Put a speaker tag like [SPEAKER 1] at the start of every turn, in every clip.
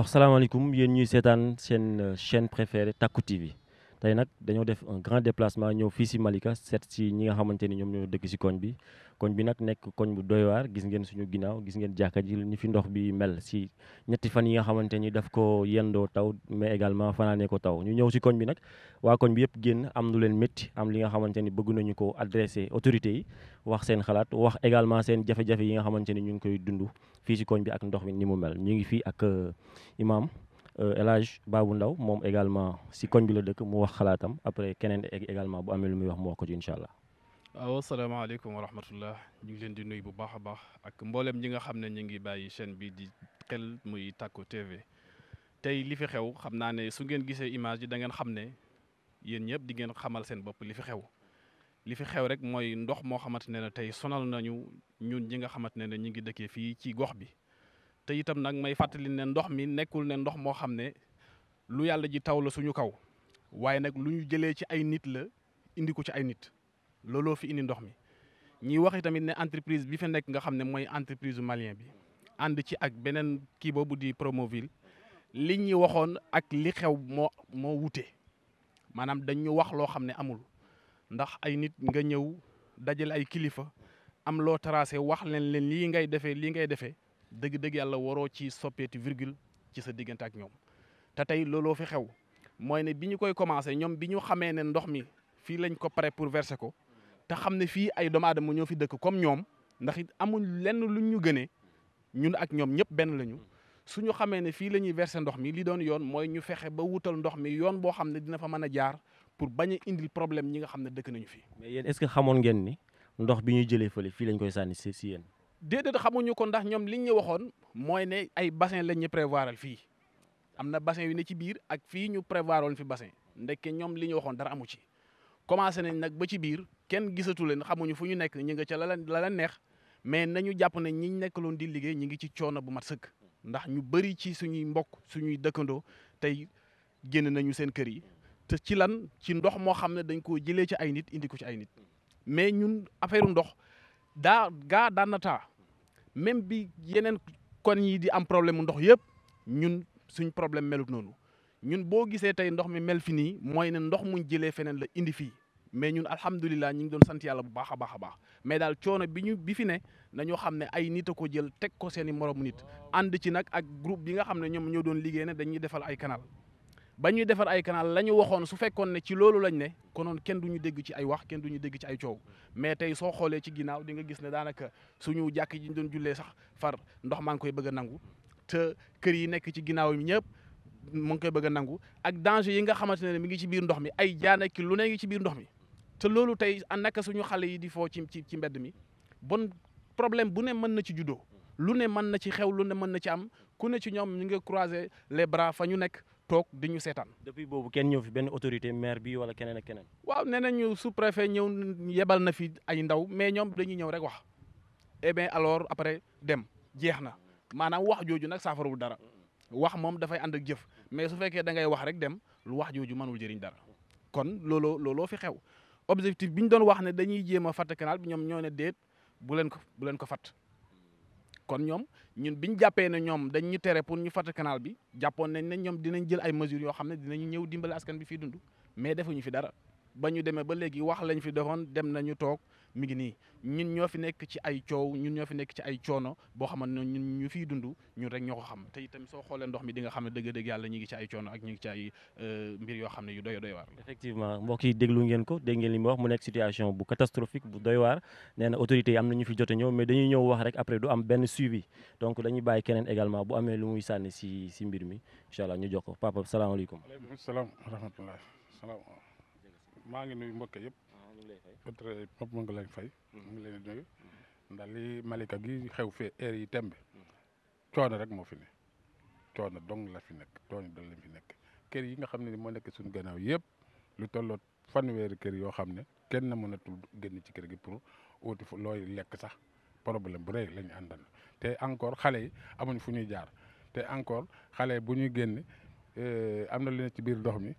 [SPEAKER 1] alors salaamaaleykum yéen ñuy seetaan seen euh, chaîne préférée Tacko TV tey nag dañoo def un grand déplacement ñëw fii si Malika set si ñi nga xamante ni ñoom ñoo dëkk si koñ bi koñ bi nag nekk koñ bu doy waar gis ngeen suñu ginnaaw gis ngeen jàkka ji ni fi ndox bi mel si ñetti fan yi nga xamante ni daf ko yendoo taw mais également fanaanee ko taw ñu ñëw si koñ bi nag waa koñ bi yëpp génn am lu leen métti am li nga xamante ni bëgg nañu ko adressé autorité yi wax seen xalaat wax également seen jafe-jafe yi nga xamante ni ñu ngi koy dund fii si koñ bi ak ndox mi ni mu mel ñu ngi fii ak euh, imam Euh, El Hadj bu Ndaw moom également si koñ bi la dëkk mu wax xalaatam après keneen e-, également bu amee lu muy wax mu wax ko ci incha allah.
[SPEAKER 2] waaw asalaamaaleykum wa rahmatullah ñu ngi leen di nuy bu baax a baax ak mboolem ñi nga xam ne ñu ngi bàyyi chaîne bi di xel muy Tacko TV tey li fi xew xam naa ne su ngeen gisee image yi da ngeen xam ne yéen ñëpp di ngeen xamal seen bopp li fi xew. li fi xew rek mooy ndox moo xamante ne ne tey sonal nañu ñun ñi nga xamante ne ne ñu ngi dëkkee fii ci gox bi. te itam nag may fàttali ne ndox mi nekkul ne ndox moo xam ne lu yàlla ji taw la suñu kaw waaye nag lu ñu jëlee ci ay nit la indi ko ci ay nit looloo fi indi ndox mi ñuy wax tamit ne entreprise bi fa nekk nga xam ne mooy entreprise malien bi ànd ci ak beneen kii boobu di Promoville li ñi waxoon ak li xew moo moo wute maanaam dañ wax loo xam ne amul ndax ay nit nga ñëw dajale ay kilifa am loo tracé wax leen leen lii ngay defee lii ngay defee dëgg-dëgg yàlla waroo ci soppeeti virgule ci sa diggante ak ñoom te tey looloo fi xew mooy ne bi ñu koy commencé ñoom bi ñu xamee ne ndox mi fii lañ ko pare pour verser ko te xam ne fii ay doomu moo ñëw fi dëkk comme ñoom ndax it amuñ lenn luñ ñu gënee ñun ak ñoom ñëpp benn lañu suñu xamee ne fii la ñuy verser ndox mi li doon yoon mooy ñu fexe ba wutal ndox mi yoon boo xam ne dina fa mën a jaar pour bañ a indil problème ñi nga xam ne dëkk nañu fi. mais
[SPEAKER 1] yéen est ngeen ni ndox bi ñuy jëlee fële fii lañ koy sànni si yéen.
[SPEAKER 2] déedéet xamuñu ko ndax ñoom liñ ñu waxoon mooy ne ay bassin lañ ñu prévoiral fii am na bassin yu ne ci biir ak fii ñu prévoir woon fi bassin ndekke ñoom li ñu waxoon dara amu ci commencé nañ nag ba ci biir kenn gisatu leen xamuñu fu ñu nekk ñu nga ca la la neex mais nañu jàpp ne ñi nekkaloon di liggéey ñi ngi ci coono bu mat sëkk ndax ñu bëri ci suñuy mbokk suñuy dëkkandoo tey génn nañu seen kër yi te ci lan ci ndox moo xam ne dañ koo jëlee ci ay nit indi ko ci ay nit mais ñun affaire ndox daa gaa daan na taa même bi yeneen kon yi di am problème mu ndox yëpp ñun suñ problème melut noonu ñun boo gisee tey ndox mi mel fi nii mooy ne ndox muñ jëlee feneen la indi fii mais ñun alhamdulilah ñu ngi doon sant yàlla bu baax a baax a baax mais daal coono bi ñu bi fi ne nañoo xam ne ay nit a ko jël teg ko seeni i moromu nit ànd ci nag ak groupe bi nga xam ne ñoom ñoo doon liggéey ne dañuy defal ay canal ba ñuy defar ay canal la ñu waxoon su fekkoon ne ci loolu lañ ne konoon kenn du ñu dégg ci ay wax kenn duñu dégg ci ay coow mais tey soo xoolee ci ginnaaw di nga gis ne daanaka suñu jàkk ji ñu doon sax far ndox maa ngi koy bëgg a nangu te kër yi nekk ci ginnaaw ñëpp mu ngi koy bëgg nangu ak danger yi nga xamante ne mi ngi ci biir ndox mi ay jaan lu ne ci biir ndox mi te loolu tey naka suñu xale yi di foo ci ci mbedd mi bon problème bu ne mën na ci juddoo lu ne mën na ci xew lu ne mën na ci am ku ne ci ñoom ñu ngi croiser les bras fa ñu nekk toog di ñu seetaan. depuis boobu kenn ñëw
[SPEAKER 1] fi benn autorité maire bi wala keneen ak keneen.
[SPEAKER 2] waaw nee ñu su préfet ñëw yebal na fi ay ndaw mais ñoom dañuy ñëw rek wax eh alors après dem jeex na maanaam wax jooju nag saafarawul dara wax moom dafay ànd ak jëf mais su fekkee da ngay wax rek dem lu wax jooju mënul jëriñ dara kon looloo looloo fi xew objectif bi ñu doon wax ne dañuy jéem a fatt canal bi ñoom ñoo ne déet bu leen ko bu leen ko fatt kon ñoom ñun bi ñu jàppee ne ñoom dañ tere pour ñu fatt canal bi jàppoon nañ ne ñoom dinañ jël ay mesures yoo xam ne dinañ ñëw dimbale askan bi fii dundu mais defuñu fi dara ba ñu demee ba léegi wax lañ fi defoon dem nañu toog mi ngi nii ñun ñoo fi nekk ci ay coow ñun ñoo fi nekk ci ay coono boo xaman ne ñun ñu fiy dund ñun rek ñoo xam te itam soo xoolee ndox mi di nga xam ne dëgg-dëgg yàlla ñu ngi ci ay coono ak ñu ngi ci ay euh, mbir yoo xam ne yu doy doy waar
[SPEAKER 1] effectivement mbokk yi déglu ngeen ko dégg ngeen li mu wax mu nekk bu catastrophique bu doy waar nee na autorités am na fi jot ñëw mais dañuy ñëw wax rek après du am benn suivi donc dañuy bàyyi keneen également bu amee lu muy sànni si si mbir mi incha allah ñu jox ko papa salaamaaleykum.
[SPEAKER 3] waaleykum salaam wa rahmatulah. maa ngi nuyu mbokk yëpp ñu ngi lay fay. contre Pape ma mm-hmm. ngi leen mm-hmm. li Malika gi xew fee air yi tembe. Mm-hmm. coono rek moo fi ne. coono dong la fi nekk coono dong la fi nekk kër yi nga xam ne moo nekk suñu gannaaw yëpp lu tolloo fanweeri kër yoo xam ne kenn mënatul génn ci kër gi pour uuti fu looy lekk sax problème bu rëy la ñu àndal te encore xale yi amuñ fu ñuy jaar te encore xale yi bu ñuy génn eh, na lu ci biir ndox mi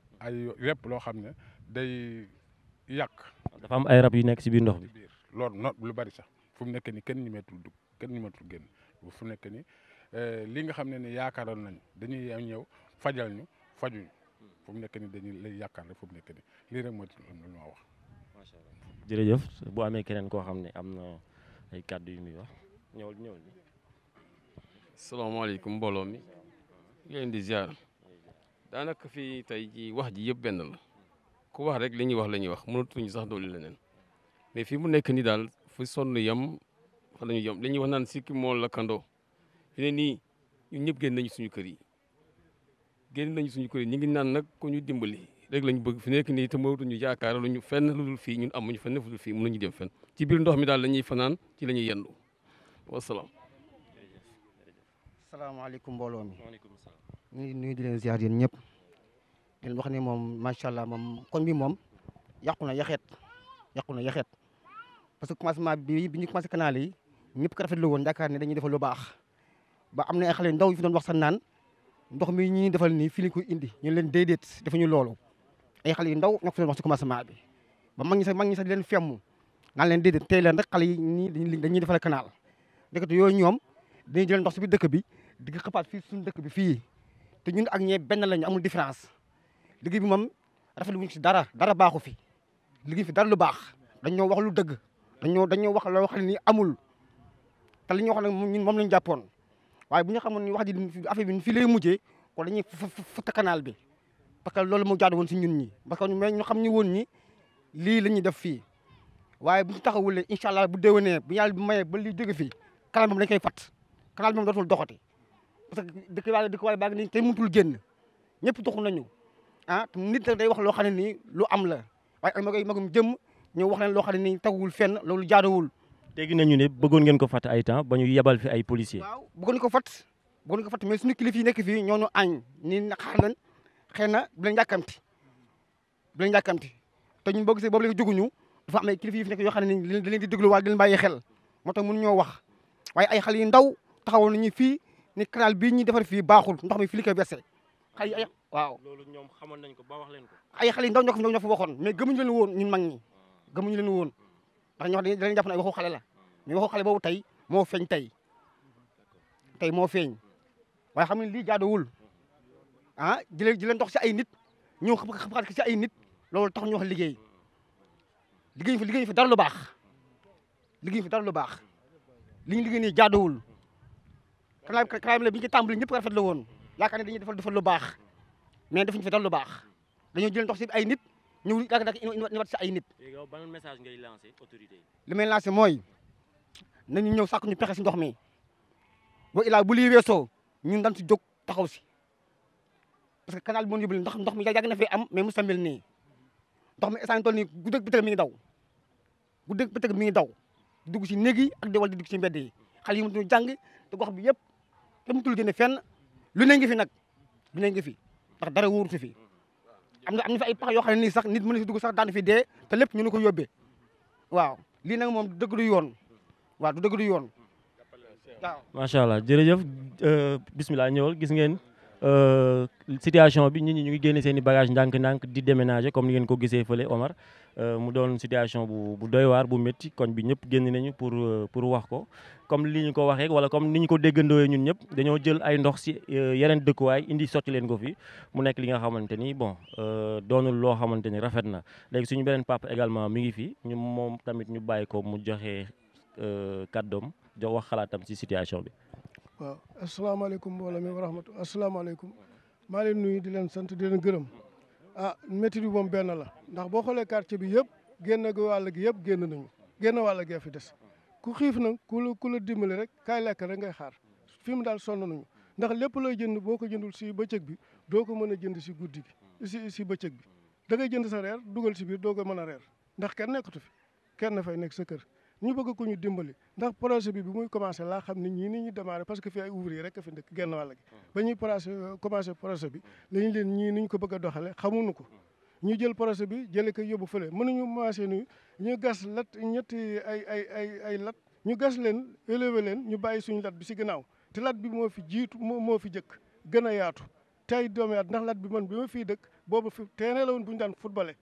[SPEAKER 3] loo xam ne day. yàq. dafa
[SPEAKER 1] am ay rab yu nekk si biir ndox bi.
[SPEAKER 3] lool no lu bari sax fu mu nekk nii kenn ñemeetul dugg kenn ñemeetul génn fu mu nekk nii eh, li nga xam ne ni yaakaaroon nañ dañuy ñëw fajal ñu fajuñ fu mu nekk nii dañuy lay yaakaar rek fu mu nekk nii lii rek mooy lu ma wax. macha allah
[SPEAKER 1] jërëjëf bu amee keneen koo xam ne am na ay kàddu yu muy wax ñëwal ñëwal. mbooloo mi. ngeen di ziar. daanaka fii tey ji wax ji yëpp
[SPEAKER 2] benn la. ku wax rek li ñuy wax la ñuy wax mënatuñu sax doolu leneen mais fii mu nekk ni daal fu sonn yam fa la ñu yam li ñuy wax naan sikki moo lakkandoo fi ne nii ñun ñëpp génn nañu suñu kër yi génn nañu suñu kër yi ñu ngi naan nag ko ñu dimbali rek lañu bëgg fi nekk nii te mënatuñu yaakaar lu ñu fenn lu dul fii ñun amuñu fenn lu dul fii mënuñu dem fenn ci biir ndox mi daal la fanaan ci la ñuy yendu wasalaam
[SPEAKER 4] salaamaaleykum mbooloo mi ñu ngi nuyu di leen ñëpp leen wax ne moom macha allah moom kon mi moom yàqu na yaxeet yàqu na yaxeet parce que commencement bi bi ñu commencé canal yi ñëpp ko rafetlu woon yaakaar ne dañuy defal lu baax ba am na ay xale ndaw yi fi doon wax sax naan ndox mi ñuy defal nii fii lañ koy indi ñu leen déedéet defuñu loolu ay xale yu ndaw ñoo ko fi doon wax bi ba mag ñi sax mag ñi sax di leen femm naan leen déedéet tey leen rek xale yi nii dañuy defal canal ndekete yooyu ñoom dañuy ndox si biir dëkk bi di nga xapaat fii suñu dëkk bi fii te ñun ak ñee benn ñu amul différence liggéey bi moom lu wuñ si dara dara baaxu fi liggéey fi dara lu baax dañ ñoo wax lu dëgg dañ ñoo dañ ñoo wax loo ne nii amul te li ñu wax nag ñun moom lañ jàppoon waaye bu ñu xamoon ni wax ji affaire bi fii lay mujjee kon dañuy fëtt canal bi parce que loolu moo jaadu woon ñun ñi parce que mais ñu xam ñu woon ñi lii la ñuy def fii waaye bu ñu taxawulee incha allah bu déwénee bu yàlla bu mayee ba li jóge fi canal moom dañ koy fat canal moom dootul doxati parce que dëkk waale dëkk waale baa ngi nii tey mënatul génn ñëpp doxu nañu ah nit nag day wax loo xam ne nii lu am la waaye ay magay magum jëm ñëw wax leen loo xam ne nii teguwul fenn loolu
[SPEAKER 1] jaaduwul. dégg nañu ne bëggoon ngeen ko fat ay temps ba ñu yebal fi ay policiers. waaw
[SPEAKER 4] bëggoon ko fat bëggoon ko fat mais suñu kilifa nekk fii ñoo ñu añ ni xaar leen xëy na bu leen yàkkamti bu leen yàkkamti te ñun boo gisee boobu léegi jóguñu dafa am ay kilifa nekk yoo xam ne nii da leen di déglu waaye di leen bàyyi xel moo tax mun ñoo wax waaye ay xale yu ndaw taxawoon nañu fii ni canal bii ñuy defar fii baaxul ndox mi fii li koy versé
[SPEAKER 1] xay ay waaw loolu ñoom xamoon nañ ko ba wax leen ko
[SPEAKER 4] ay xale yi ndaw ñoo ko ñoo fa waxoon mais gëmuñu leen woon ñun mag ñi hmm. gëmuñu leen woon ndax ñoo xam dañuy jàpp ne ay waxu xale la hmm. mais xale boobu tey moo feeñ tey tey moo feeñ waaye xam ne lii jaaduwul hmm. ah jëlee jëleen si ay nit ñëw xam-xam si ay nit loolu tax ñu wax liggéey liggéey fi liggéey fi dara lu baax liggéey fi dara lu baax li ñu liggéey nii jaaduwul kanaam kanaam la bi ñu ci tàmbali ñëpp rafet la woon yaakaar ne dañuy defal defal lu baax mais defuñu fi dal lu baax dañoo jël ndox si ay nit ñëw yaakaar dak ñu wat si ay nit
[SPEAKER 1] ban message ngay lancé autorité yi
[SPEAKER 4] li may lancé mooy nañu ñëw sàkk ñu pexe si ndox mi boo ilaa bu lii weesoo ñun dañ si jóg taxaw si parce que canal bi moon yóbbu ndax ndox mi yàgg na fi am mais mu samel nii ndox mi instant toll nii guddeeg bëccëg mi ngi daw guddeeg bëccëg mi ngi daw dugg si néeg yi ak di wal di dugg si mbedd yi xale yi mënuñu jàng te gox bi yëpp kenn mënatul génne fenn lu ne ngi fi nag lu ne fi ndax dara wóorutu fi am na am na fi ay pax yoo xam ne nii sax nit mën na si dugg sax daan fi dee te lépp ñu ne ko yóbbee waaw lii nag moom dëgg du yoon waaw du dëgg du yoon
[SPEAKER 1] waaw. macha allah jërëjëf euh, bisimilah ñëwal gis ngeen. Euh, situation bi nit ñi ñu ngi génne seen i bagage ndànk-ndànk di déménager comme ni ngeen ko gisee fële Omar euh, mu doon situation bu bu doy waar bu métti koñ bi ñëpp génn nañu pour euh, pour wax ko comme li ñu ko waxee wala comme ni ñu ko déggandooyee ñun ñëpp dañoo jël ay ndox si yeneen dëkkuwaay indi sotti leen ko fii mu nekk li nga xamante ni bon doonul loo xamante ni rafet na léegi suñu beneen papa également mi ngi fii ñu moom tamit ñu bàyyi ko mu joxe kàddoom jox wax xalaatam si situation bi.
[SPEAKER 5] waaw asalaamaaleykum mbooloo mi wa rahmatulah asalaamaaleykum maa leen nuy di leen sant di leen gërëm ah métti bi moom benn la ndax boo xoolee quartier bi yëpp génn gi wàll gi yëpp génn nañu génn wàll gee des ku xiif nag ku la ku la dimbali rek kaay lekk rek ngay xaar fi mu daal sonn nañu ndax lépp looy jënd boo ko jëndul si bëccëg bi doo ko mën a jënd si guddi gi si si bëccëg bi da ngay jënd sa reer dugal si biir doo ko mën a reer ndax kenn nekkatu fi kenn fay nekk sa kër ñu bëgg ko ñu dimbali ndax projet bi bi muy commencé laa xam ne ñii ni ñu démarré parce que fii ay ouvrier rek fi ndëkk genn wàll gi mm. ba ñuy projet commencé projet bi lañu leen ñii ni ñu ko bëgg a doxale xamuñu ko mm. ñu jël projet bi jële ko yóbbu fële mënuñu commencé ni ñu gas lat ñetti ay ay ay ay lat ñu gas leen élevé leen ñu bàyyi suñu lat bi si gannaaw te lat bi moo fi jiitu moo fi jëkk gën a yaatu tey doomi at ndax lat bi man bi ma fii dëkk boobu fi terrain la woon bu ñu daan footballé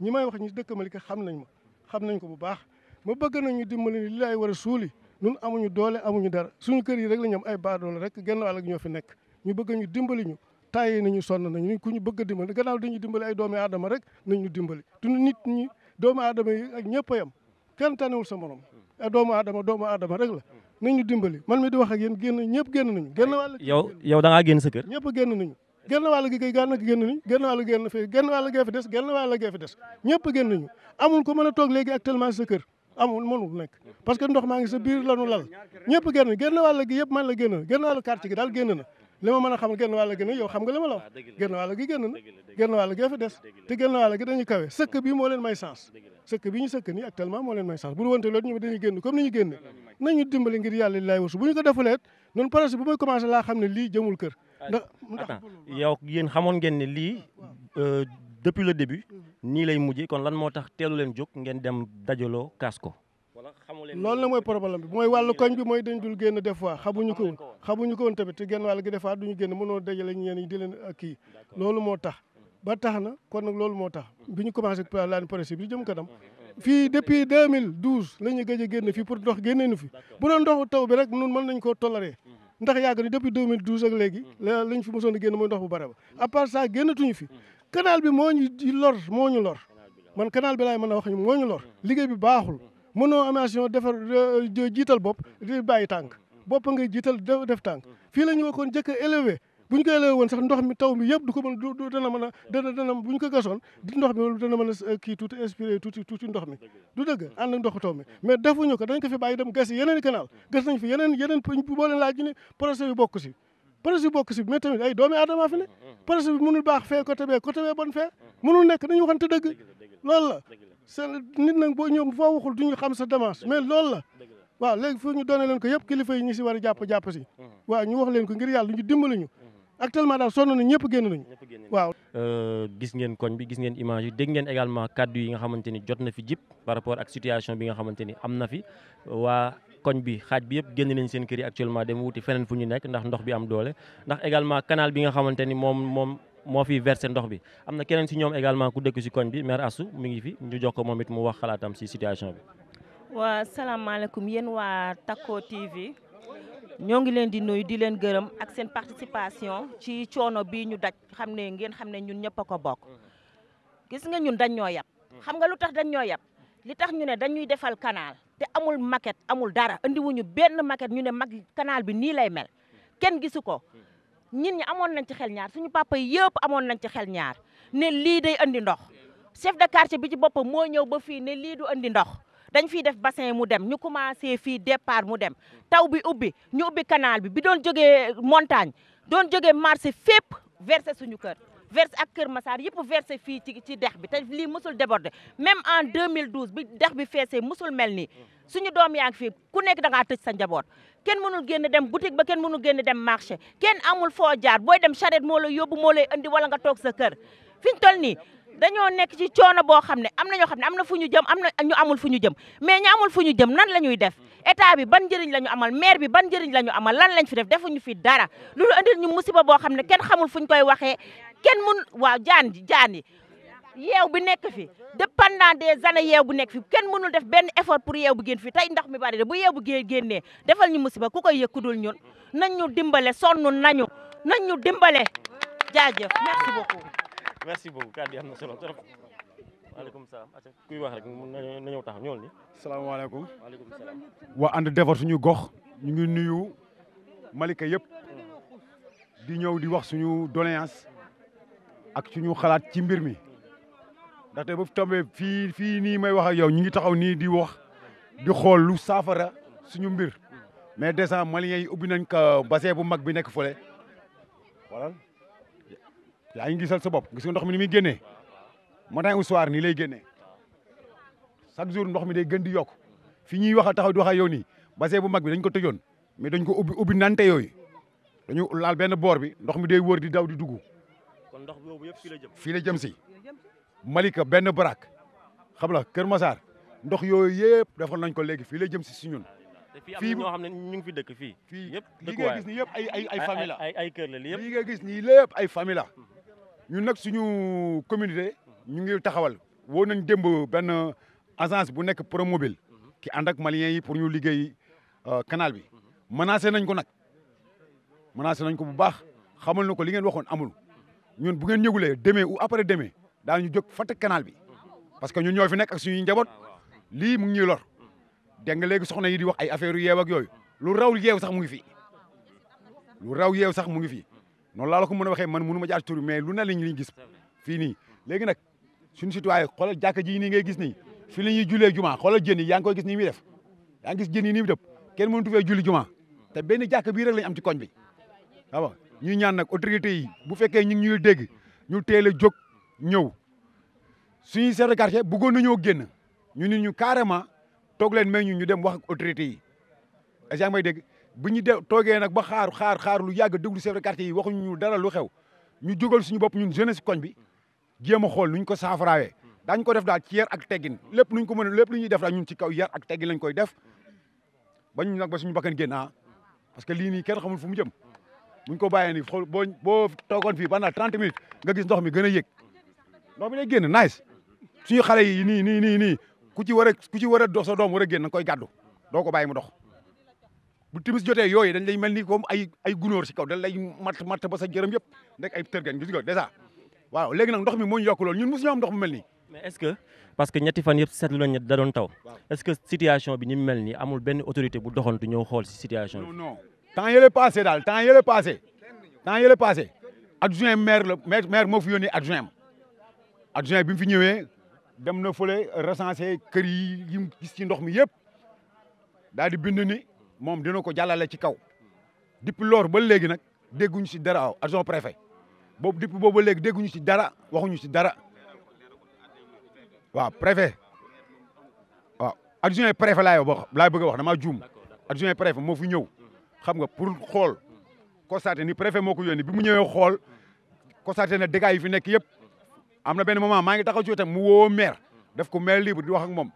[SPEAKER 5] ñi may wax ñi ma li ko xam nañ ma xam nañ ko bu baax ma bëgg nañu dimbali li laay war a suuli ñun amuñu doole amuñu dara suñu kër yi rek la ñu am ay baadoole rek genn wàll ñoo fi nekk ñu bëgg ñu dimbali ñu tàyyi nañu sonn nañu ni ku ñu bëgg a dimbali gannaaw dañu dimbali ay doomi aadama rek nañu dimbali duñu nit ñi doomu aadama yi ak ñëpp a yem kenn tanewul sa morom doomu aadama doomu aadama rek la nañu dimbali man mi di wax ak yéen génn ñëpp génn nañu génn wàll
[SPEAKER 1] yow yow da ngaa génn ñëpp
[SPEAKER 5] génn nañu genn wàll gi kay gànn gi génn nañu genn wàll génn fee genn wàll gee fi des genn wàll gee fi ñëpp génn nañu amul ko mën a toog léegi actuellement sa kër amul mënul nekk parce que ndox maa ngi sa biir lanu lal ñëpp génn génn wàll gi yëpp man la génn génn wàllu gi daal na li ma a xam génn wàll gi nag yow xam nga li ma la wax génn wàll gi des te génn wàll gi dañu kawe sëkk bi moo leen may sens sëkk bi ñu sëkk nii actuellement moo leen may sens bu ñu wante loolu ñu dañuy génn comme ni ñu génne nañu dimbali ngir yàlla lay wasu bu ñu ko defuleet noonu projet bu may commencé laa xam ne lii jëmul kër
[SPEAKER 1] ndax xamoon ngeen lii depuis le début mhm. nii lay mujjee kon lan moo tax teelu leen jóg ngeen dem dajaloo kaas ko.
[SPEAKER 5] loolu la mooy problème bi mooy wàllu koñ bi mooy dañ dul génn def fois xamuñu ko woon xamuñu ko woon tamit te genn wàll gi des fois duñu génn mënoo dajale ñeen yi di leen ak euh, kii loolu moo tax mhm. ba tax na kon nag loolu moo tax bi ñu commencé laan projet bi jëm kanam mhm. fii depuis 2012 la ñu gëj a génn fii pour ndox génneenu nu fi bu doon ndoxu taw bi rek nun mën nañ koo ndax yàgg ni depuis 2012 ak léegi la lañ fi mosoon a génn mooy ndox bu fi canal bi moo ñu lor moo ñu lor man canal bi laay mën a wax ñu moo ñu liggéey bi baaxul mënoo amation defar euh, jiital bopp di bàyyi tànk bopp ngay jiital def tànk fii la ñu waxoon jëkk a élevé bu ñu ko élevé woon sax ndox mi taw mi yëpp du ko mën du dana mën a dana dana bu ñu ko gasoon di ndox mi dana mën a euh, tuuti ndox mi du dëgg ànd ak ndoxu mais defuñu ko dañ ko fi bàyyi dem gas yeneen canal gas nañ fi yeneen yeneen boo leen laaj ñu ne projet bokk si projet bi bokk si mais tamit ay doomi aadama fi ne mm, mm, mm. projet bi mënul baax fee côté bee côté bee bon fee mënul nekk dañu waxante dëgg loolu la seen nit nag boo ñoom foo waxul duñu xam sa démarche mais loolu la waaw léegi fu ñu doone leen ko yëpp kilifa ñu si war a jàpp jàpp si waaw ñu wax leen ko ngir yàlla ñu dimbali ñu actuellement daal sonn nañ ñëpp génn nañu
[SPEAKER 1] waaw euh, gis ngeen koñ bi gis ngeen image yi dégg ngeen également kàddu yi nga xamante ni jot na fi jip par koñ bi xaaj bi yëpp génn nañ seen kër yi actuellement dem wuti feneen fu ñu nekk ndax ndox bi am doole ndax également canal bi nga xamante ni moom moom moo fi versé ndox bi am na keneen si ñoom également ku dëkk si koñ bi maire Assou mi ngi fi ñu jox ko moom mu wax xalaatam si situation bi.
[SPEAKER 6] waa salaamaaleykum yéen waa Tacko TV ñoo ngi leen di nuyu di leen gërëm ak seen participation ci coono bii ñu daj xam ne ngeen xam ne ñun ñëpp a ko bokk gis nga ñun dañ ñoo yab. ñu te amul maquette amul dara andiwuñu benn maquette ñu ne mag canal bi nii lay mel kenn gisu ko ñin ñi amoon nañ ci xel ñaar suñu papa yëpp amoon nañ ci xel ñaar ne lii day andi ndox chef de quartier bi ci boppam moo ñëw ba fii ne lii du andi ndox dañ fiy def bassin mu dem ñu commencé fii départ mu dem taw bi ubbi ñu ubbi canal bi bi doon jógee montagne doon jógee marché fépp versé suñu kër verse ak Kër Massar yëpp versé fii ci ci dex bi te li mosul débordé même en 2012 bi dex bi feesee mosul mel nii suñu doom yaa ngi ku nekk da ngaa tëj sa njaboot kenn mënul génn dem boutique ba ken mënul génn dem marché kenn amul foo jaar booy dem charrette moo lay yóbbu moo andi wala nga toog sa kër fi ni toll nii nekk ci coono boo xam ne am na ñoo xam ne am na fu ñu jëm am na ñu amul fu ñu jëm mais ñu fu ñu jëm nan la ñuy def état bi ban njëriñ la ñu amal maire bi ban njëriñ la ñu amal lan lañ fi def defuñu fi dara loolu andil ñu musiba boo xam ne kenn xamul fu ñu koy waxee kenn mun waaw jaan ji jaan yi yeew bu nekk fi de pendant des années yeew bu nekk fi kenn mënul def benn effort pour yeew bu génn fi tey ndax mi bari de bu yeew bu génnee defal ñu musiba ku koy yëkkudul ñun nañ ñu dimbale sonn nañu nañ ñu dimbale jaajëf merci beaucoup
[SPEAKER 1] merci beaucoup kàddu yi am na solo trop waaleykum salaam kuy wax rek na ñëw taxaw ñool ni salaamaaleykum waaleykum salaam
[SPEAKER 7] waa ànd defar suñu gox ñu ngi nuyu Malika yëpp di ñëw di wax suñu doléance ak suñu xalaat ci mbir mi ndaxte bu fi tombee fii fii nii may wax yow ñu ngi taxaw nii di wax di xool lu saafara suñu mbir mais déjà maliens yi ubbi nañ ko bassin bu mag bi nekk fële voilà yaa ngi gisal sa bopp gis nga ndox mi ni muy génnee matin au soir nii lay génnee chaque jour ndox mi day gën di yokk fi ñuy wax a taxaw di wax yow ni bassin bu mag bi dañ ko tëjoon mais dañ ko ubbi ubbi nante yooyu dañu laal benn boor bi ndox mi day wër di daw di dugg
[SPEAKER 1] kon ndox boobu yëpp fii la jëm. fii la jëm si
[SPEAKER 7] Malika benn baraak xam la Kër Massar ndox yooyu yëpp defoon nañ ko léegi fii la jëm si si ñun.
[SPEAKER 1] fii am xam ne ñu ngi fi dëkk fii. yëpp li ngay gis nii yëpp ay ay ay famille la ay
[SPEAKER 7] ay kër la li yëpp. li ngay gis nii lépp ay famille ñun nag suñu communauté ñu ngi taxawal woo nañ démb benn agence bu nekk Promobile ki ànd ak maliens yi pour ñu liggéey euh, canal bi menacé nañ ko nag menacé nañ ko bu baax xamal na ko li ngeen waxoon amul. ñun bu ngeen yëgulee demee ou après demee daal ñu jóg fatt canal bi parce que ñun ñoo fi nekk ak suñuy lii mu ngi ñuy lor dégg nga soxna yi di wax ay affaire yu yeew ak yooyu lu raw yeew sax mu ngi fi lu raw yeew sax mu ngi fi noonu laa la ko mën a waxee man mënu ma jaar tur mais lu ne lañ liñ gis fi nii léegi nag suñu citoyen xoolal jàkka ji nii ngay gis ni fi la ñuy julee juma xoolal jen yi yaa ngi koy gis nii muy def yaa gis jën yi ni muy def kenn mënut fee juli juma te benn jàkka bii rek lañ am ci koñ bi waaw ñu ñaan nag autorité yi bu fekkee ñu ngi ñuy dégg ñu teel a jóg ñëw suñuy chef de quartier bëggoon nañoo génn ñu nit ñu carrément toog leen may ñu ñu dem wax ak autorité yi est may dégg bu ñu de toogee nag ba xaar xaar xaar lu yàgg déglu chef de quartier yi waxuñu ñu dara lu xew ñu jógal suñu bopp ñun jeunesse koñ bi jéem a xool nuñ ko saafaraawee daañu ko def daal ci yar ak teggin lépp luñ ko mën lépp lu ñuy def daal ñun ci kaw yar ak teggin lañ koy def ba ñu nag ba ñu bakkan génn ah parce que lii nii kenn xamul fu mu jëm buñ ko bàyyee ni xool boo boo toogoon fii pendant trente minutes nga gis ndox mi gën a yëg ndox mi lay génn nice suñu yi nii nii nii nii ku ci war a ku a dox sa doom war koy gàddu doo ko bàyyi ma dox bu timis jotee yooyu dañ lay mel ni comme ay ay gunóor si kaw dañ lay matt matt ba sa jërëm yëpp nekk ay tërgan gis nga déjà waaw léegi nag ndox mi moo yokk lool ñun mosu ñu ndox
[SPEAKER 1] mu mel nii est-ce que parce que ñetti fan yëpp seetlu nañ ne da doon taw est-ce que situation bi ñu mel nii amul benn autorité bu doxantu ñëw xool si situation bi temps yële passé daal temps yële passé
[SPEAKER 7] temps yële passé adjoint maire la maire moo fi yónni adjoint adjoint bi mu fi ñëwee dem na fole recensé kër yi yi mu gis ci ndox mi yëpp daal di bind ni moom dina ko jàllale ci kaw depuis loor ba léegi nag dégguñu si dara waaw adjoint boobu depuis boobu ba léegi dégguñu si dara waxuñu si dara waaw préfet waaw adjoint préfet laay wax laay bëgg a wax damaa juum adjoint préfet moo fi ñëw xam nga pour xool constaté ni préfet moo ko yónni bi mu ñëwee xool constaté na dégâts yi fi nekk yëpp am na benn moment maa ngi taxaw ci wetam mu woo maire def ko maire libre di wax ak moom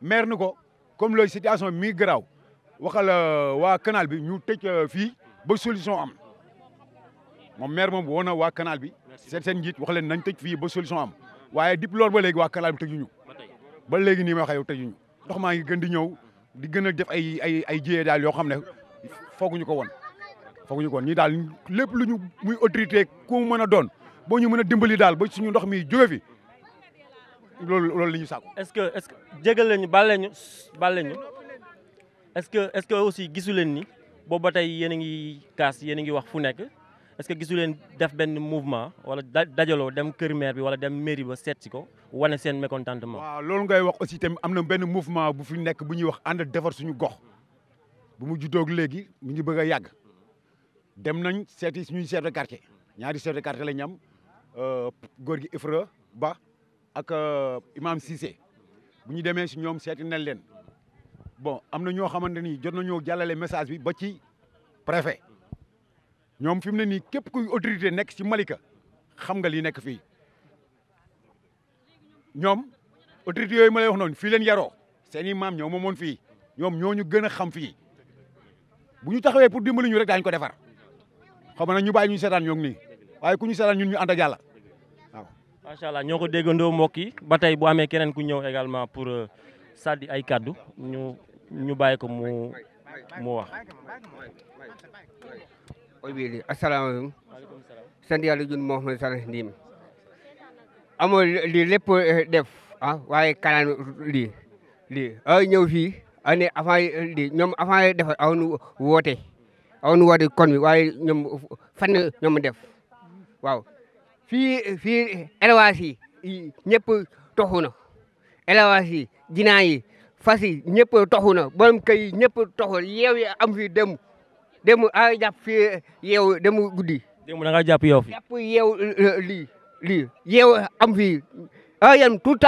[SPEAKER 7] maire ni ko comme loolu situation mi garaaw waxala euh, waa canal bi ñu tëj euh, fii ba solution am moom maire moom woo na waa canal bi seen seen njiit wax leen nañ tëj fii ba solution am waaye dip loolu ba léegi waa canal bi tëjuñu ba léegi nii ma wax yow tëjuñu ndox maa ngi gën di ñëw di gën a def ay ay ay jiyee yoo xam ne fooguñu ko woon fooguñu ko woon ñii daal lépp lu ñu muy autorité ku mën a doon boo ñu mën a dimbali daal ba suñu ndox mi jóge fi
[SPEAKER 1] loolu loolu la ñuy sàkku. est-ce que est-ce que jégal lañu baal lañu baal lañu est-ce que est-ce que aussi gisu leen ni boobu ba tey yéen a ngi kaas yéen a ngi wax fu nekk est-ce que gisu leen def benn mouvement wala dajaloo dem kër maire bi wala dem mairie ba seet si ko wane seen mécontentement.
[SPEAKER 7] waaw loolu ngay wax aussi tamit am na benn mouvement bu fi nekk bu ñuy wax ànd defar suñu gox. bu mujj juddóog léegi mi ngi bëgg a yàgg dem nañ seeti suñuy chef de quartier ñaari chef de quartier la ñu euh, góor gi Ifra Ba ak euh, Imam Cissé bu ñu demee si ñoom seeti nañ leen bon am na ñoo xamante ni jot nañoo jàllale message bi ba ci préfet ñoom fi mu ne nii képp ku autorité nekk si Malika xam nga li nekk fii ñoom autorité yooyu ma lay wax noonu fii leen yaroo seen maam ñoo moomoon fii ñoom ñoo ñu gën a xam fii. bu ñu taxawee pour dimbali ñu rek daañu ko defar xaw ma nag ñu
[SPEAKER 1] bàyyi ñu seetaan ñoo ngi waaye ku ñu seetaan ñun ñu ànd ak yàlla allah ñoo ko déggandoo mbokk yi ba tey bu amee keneen ku ñëw également pour euh, sàddi ay kàddu ñu ñu bàyyi ko mu mu wax.
[SPEAKER 4] oy wili asalaamaaleykum sant yàlla jun Mouhamed Saleh Ndim amoo lii lépp euh, def ah, waaye kanaan lii lii ay ñëw fii. année avant lii ñoom avant yi defar aw nu woote aw nu woote kon waaye ñoom fan ñoom def waaw fii fii élevage yi ñëpp toxu na élevage yi jinaa yi fas yi ñëpp toxu na borom kër ñëpp toxu yeew yi am fii dem dem a jàpp fii yeew demu guddi.
[SPEAKER 1] dem jàpp yeew
[SPEAKER 4] fi. am fii a yem tout